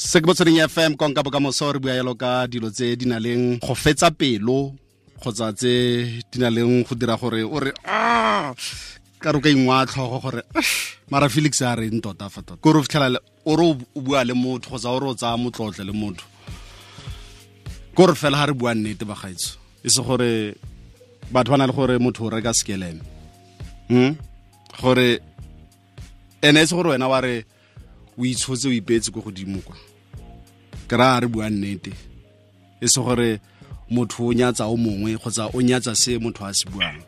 se ke motsweding fm konka bokamoso re bua yalo ka dilo tse di na leng go fetsa pelo kgotsa tse di na leng go dira gore o re a ah! ka ro ka ingwa tlhogo gore mara felix a reng tota fa tota kore o fitlhela o re o bua le motho kgotsa o re o tsaya motlotle le motho kore fela ga re bua nnete bagaetsho e se gore batho ba na le gore motho o reka sekeleme hmm? gore ene e se gore wena wa re o itshotse o ipeetse ko godimo kwa ke a re bua nnete e se gore motho o nyatsa o mongwe kgotsa o nyatsa se motho a se buang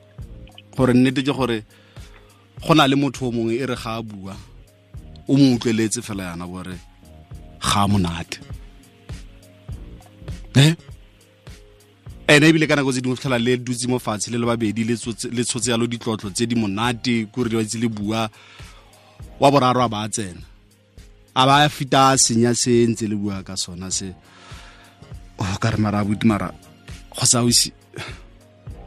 gore nnete ke gore go na le motho o mongwe e re ga a bua o mo utlweletse fela yana gore ga a monate e ene ebile ka nako tse dingwe fitlhela le dutse mo fatshe le le babedi le tshotse yalo ditlotlo tse di monate kore di batse le bua wa boraro a ba a tsena a ba fita senya se ntse le bua ka sona se o ka re mara abuti mara go sa ise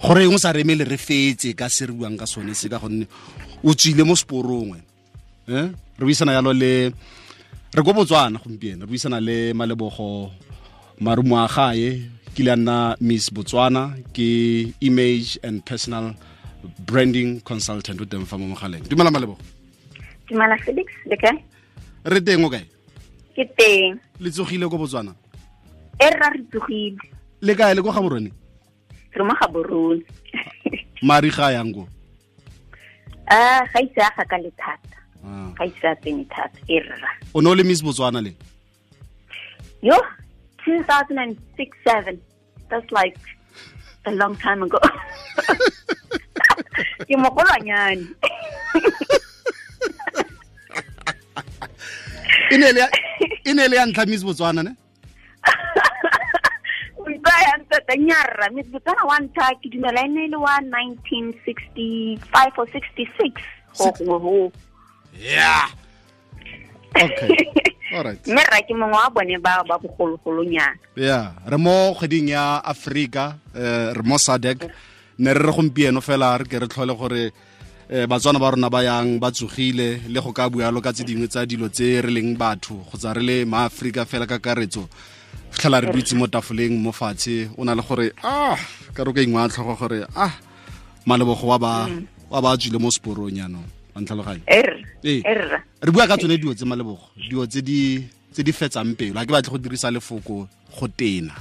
gore eng o sa remele re fetse ka se re buang ka sone se ka gonne o tswile mo sporongwe wena eh? re buisana yalo le re go botswana gompieno re buisana le malebogo marumo a gae kile a nna miss botswana ke image and personal branding consultant o teng fa mo mogaleng dumela malebogo dumela felix le re teng o kae ke teng le tsogile ko botswana e rra re tsogile le kae le ko gaborone re mo gaborone borone mari ga yang go a ga itse a ga ka le thata ga ise a tsene thata e rra o no le miss botswana le yo 2006 7 that's like a long time ago ke mogolwanyane e ne e le ya ntlha miss botswana ne nnyarra miss botswana wa ntlha ke dumela e ne e le wa nineteen sixty five or sixty six yeah okay mme rra ke mongwe wa bone ba ba bogologolonyana yeah re mo kgweding ya aforika eh, re mo sadec ne re re gompieno fela re ke re tlhole gore eh, batswana ba rona ba yang ba tsogile le go ka bualo ka tse dingwe tsa dilo tse re leng batho kgotsa re le maaforika fela ka karetso tlhala re dutse mo tafoleng mo fatshe o na le gore ah ka roka engwe a tlhogo gore ah malebogo wa ba wa ba tswile mo seporong yaanong wa ntlhaloganye e, e re bua ka tsone dio tse malebogo dio tse di tse di fetsang pelo ga ke batle go dirisa lefoko go tena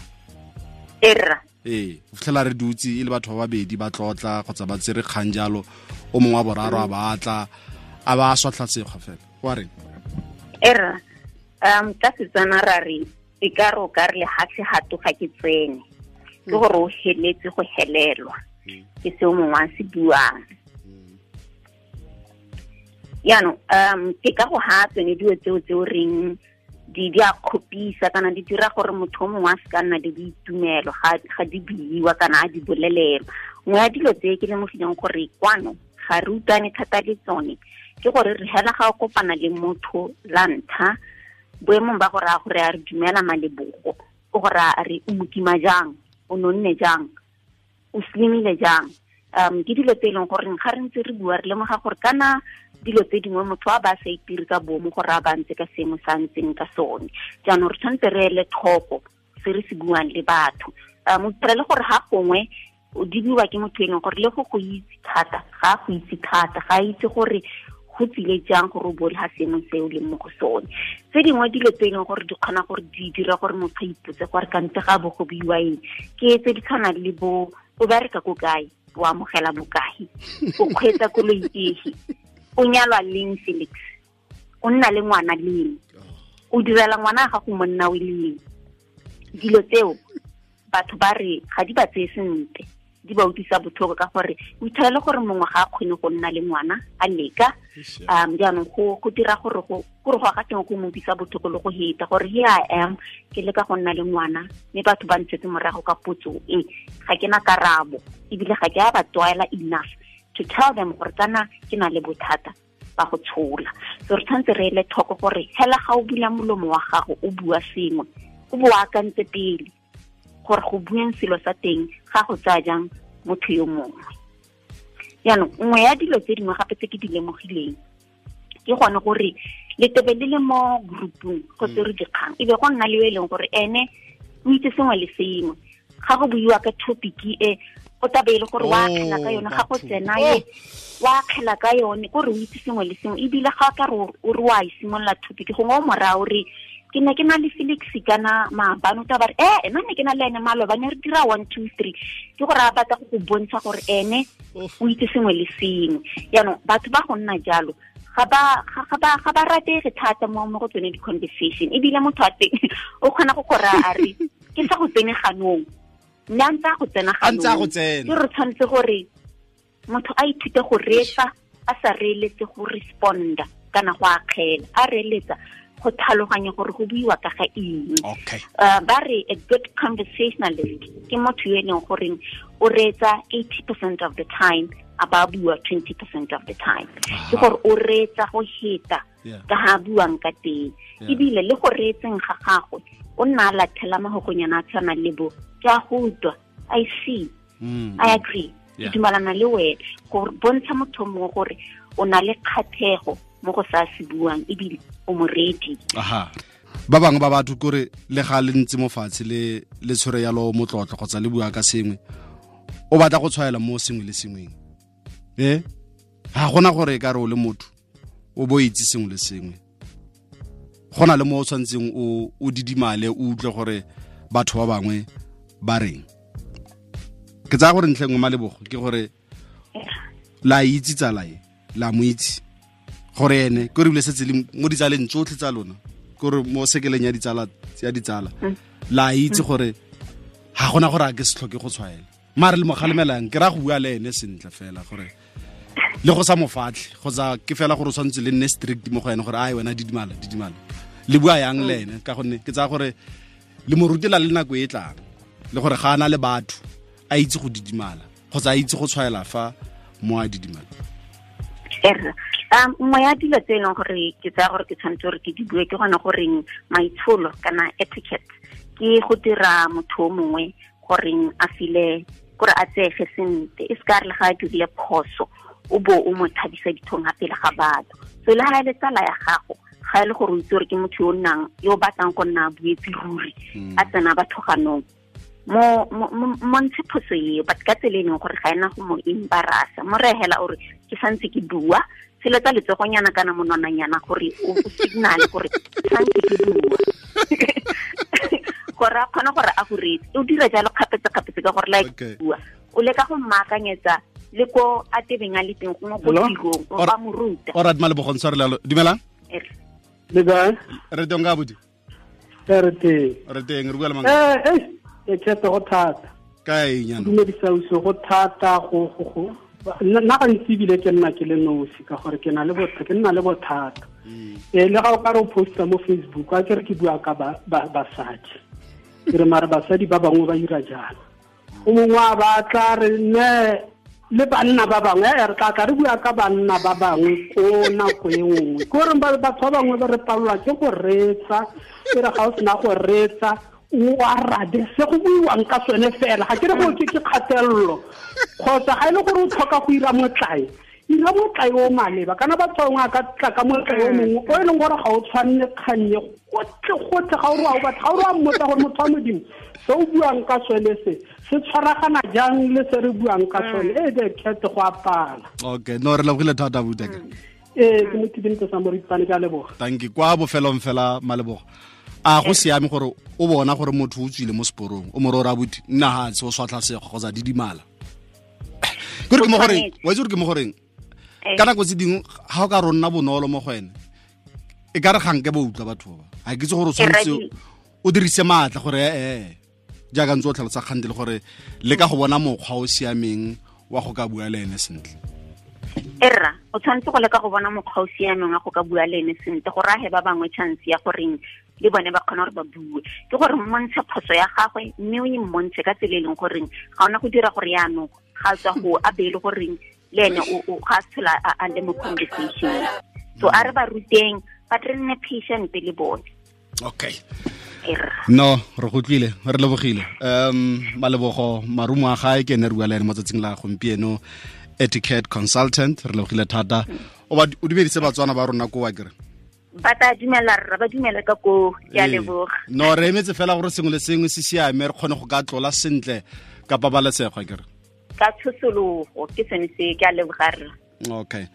erra ee o fitlhela re dutse e le batho ba babedi ba tlotla kgotsa ba tsere kgang jalo o mongwe wa boraro a batla a ba a swatlhatsega fela oa reng era um ka setswana ra re e ka re o ka re legatlhe gato ga ke tsene ke gore o feletse go felelwa ke seo mongwe a se buang yaanong um ke ka go ga tsone dilo tseo tse o reng Didi akopi sa kanan diti ra kor moutou mou askan na dibi tumelo, xa dibi wakana ajibole lè. Nwenye di lote ki lemo finan kor reikwano, haru dani tatalisoni, ki kor rehe la ka okopan ale moutou lanta, bwen mou mba kor rea kore ari tumela maleboko, kor rea ari umukima jang, onon ne jang, uslimi ne jang. Um, ki di e lote ilon kor reinkarinti rigwa, le mou kakorkana, dilo tse dingwe motho a ba sa itiri ka bomo gore a bantse ka seemo sa ntseng ka sone jaanong re tshwanetse re ele tlhoko se re se buang le batho um dira le gore ga gongwe di buiwa ke motho e leng gore le go go itse thata ga go itse thata ga itse gore go tsile jang gore o bole ga seemo se o leng mo go sone tse dingwe dilo tse e leng gore di kgona gore di dira gore motho a ipotse gore kante ga bo go buiwa eng ke tse di tshwanang le bo o bereka ko kae o amogela bokae o kgweetsa koloi ehe o nyalwa leng felix o nna le ngwana leng o direla ngwana ga go monna o leng dilo tseo batho ba re ga di ba tseye sentle di ba utlwisa botlhoko ka gore o itholele gore mongwe ga a kgone go nna le ngwana a leka um jaanong go dira gore kore go teng go mo utlwisa botlhoko le go heta gore he i am ke leka go nna le ngwana mme batho ba ntshetse morago ka potso e ga ke na karabo ebile ga ke a ba tlwaela enough to tell them gore tsana ke na le bothata ba go tshola so re tshwanetse re ele tlhoko gore hela ga o bula molomo wa gago o bua sengwe o akantse pele gore go bueng selo sa teng ga go tsaya jang motho yo mongwe yaanong nngwe ya dilo tse dingwe gape tse ke di lemogileng ke gone gore letebe le le mo groupung go tsere mm. dikgang e be go nna le yo e leng gore ene o itse sengwe le sengwe ga go buiwa ka topic e o tla e le gore wa akgela ka yone ga go tsena ye wa akgela ka yone ko re o itse sengwe le sengwe ebile ga ka re o re wa e simolola mo gongwe o morao re ke ne ke na le felix kana maabane o taba re e nna ne ke na le ene ba ne re dira one two three ke gore a batla go go bontsha gore ene o itse sengwe le sengwe yaanong batho ba go nna jalo ga ba ratege thata mo go tsone di-conversation ebile motho mo teng o kgona go kora a re ke sa go tsene ganong a ntse go tsena ga re tshwanetse gore motho a ithute go reetsa a sa reeletse go responda kana go akgela a reeletsa go tlhaloganya gore go buiwa ka ga eng uh, ba re a good conversationalist ke motho yo e leng goreng o reetsa eighty percent of the time a ba bua twenty percent of the time ke ah. gore o reetsa go heta ka ga buang ka teng ebile le go reetseng ga gagwe o nna a lathela magokonyana a tshwanang le bo ke a go utlwa i see mm. i agree ke dumelana le wena go bontsha motho mongwe gore o na le kgathego mo go sa se buang ebile o mo ready aha ba bangwe ba batho kore le ga le ntse mo fatshe le le tshwere yalo motlotlo kgotsa le bua ka sengwe o batla go tshwaela mo sengwe le sengweng e ha gona gore e ka re o le motho o bo itse sengwe le sengwe gona le mo o tshwantseng o o didimale o utlwe gore batho ba bangwe ba reng ke tsaya gore ntlhe ntlhengwe malebogo ke gore la itse tsalae la mo itse gore ene ke gore rebile setse mo ditsaleng tsotlhe tsa lona gore mo sekeleng ya ditsala ya ditsala la itse gore ha gona gore a ke se tlhoke go tshwaela mare le mogalemelang ke ra go bua le ene sentle fela gore le go sa mofatlhe kgotsa ke fela gore o tshwanetse le nne strict mo go ene gore a wena didimala didimala le bua yang le ene ka gonne ke tsaya gore le morutela le nako e tlang le gore ga ana le batho a itse go didimala kgotsa a itse go tshwaela fa mo a didimala um, nngwe ya dilo tse e leng gore ke tsaya gore ke tshwanetse gore ke di bue ke gone goreng maitsholo kana etiquette ke go dira motho o mongwe goreng a file gore a tsege sente e se ka re le ga a dirile phoso o bo o mo thabisa dithong pele ga batho so le ga e le tsala ya gago ga e le gore o itse gore ke motho yo o batlang go nna a buetse ruri a hmm. tsena batho ganong mo montshe phoso eo but ka tsela e leng gore ga ena go mo embarasa mo reagela gore ke santse ke bua selo tsa letsogonyana kana mononanyana gore o signal gore santse ke bua gore a kgone gore a go reetse o dira jalo kgapetse-kgapetse ka gore like bua o leka go mmaakanyetsa le ko a tebeng a le teng gongwe ko tirong o ba mo ruta orat malebogon tshware lalo dumelang e le kae re teng ka e re teng re teng re bua le mang eh, eh. etsete go thata kae nyano dumedisauso go thata go go go nna gantsi ebile ke nna ke le nosi ka gore ke na le botha ke nna le bothata e le ga o ka re o posta mo facebook a re ke bua ka basadi ke re mare basadi ba bangwe ba 'ira jana o mongwe a batla re ne le banna ba bangwe e re tlatla re bua ka banna ba bangwe ko nako e nngwe ke gore batho ba bangwe ba re palelwa ke go reetsa ke re ga o sena go reetsa o arabe se go buiwang ka sone fela ga ke re go ke ke kgatelelo kgotsa ga e le gore o tlhoka go ira motlae ira motlae o maleba kana ba tshwangwe a ka tla ka motlae o mongwe o e leng gore ga o tshwanne kganye gotle-gotle ga ore ao ga ore a mmotla gore motho wa modimo se o buang ka sone se se tshwaragana jang le se re buang ka sone mm. e ee, kete go apala okay no re lebogile thata buteke mm. ee ke mo tibentse sa moripane leboga thank you kwa bofelong fela maleboga a go siame gore o bona gore motho o tswile mo seporong o more o rabuti nna ga tse o swatlhasega kgotsa didimala kore ke mo goreng wa itse gore ke mo goreng eh. ka nako tse dingwe ga o ka re nna bonolo mo go ene e ka re ganke ba utlwa batho ba ga ke itse gore o tshwanetse o dirise maatla gore ee jaaka ntse o tlhalosa kgante le gore le ka go bona mokgwa o siameng wa go ka bua le ene sentle erra o tshwanetse go leka go bona mokgwa o siameng wa go ka bua le ene sentle go rahe ba bangwe chance ya goreng le bone ba kgona gore ba bue ke gore montshe phoso ya gagwe mme o mmontshe ka tsela e leng goreng ga ona go dira gore yaanong ga tswa go a beele goreng le ene ga se tlhola a le mo conversation so a re ba ruteng ba re nne patient le bone okay no re go tlile re lebogile um malebogo marumo a gae ke ne re bua le ene mo tsatsing la gompieno etiquette consultant re lebogile thata o dumedise batswana ba rona ko wa kere ba tla dumela rra ba dumela ka koo ke a ee. leboga no re emetse fela gore sengwe le sengwe se siame re kgone go ka tlola sentle ka pabalesego ke re ka tshosologo ke sone se ke a leboga rra okay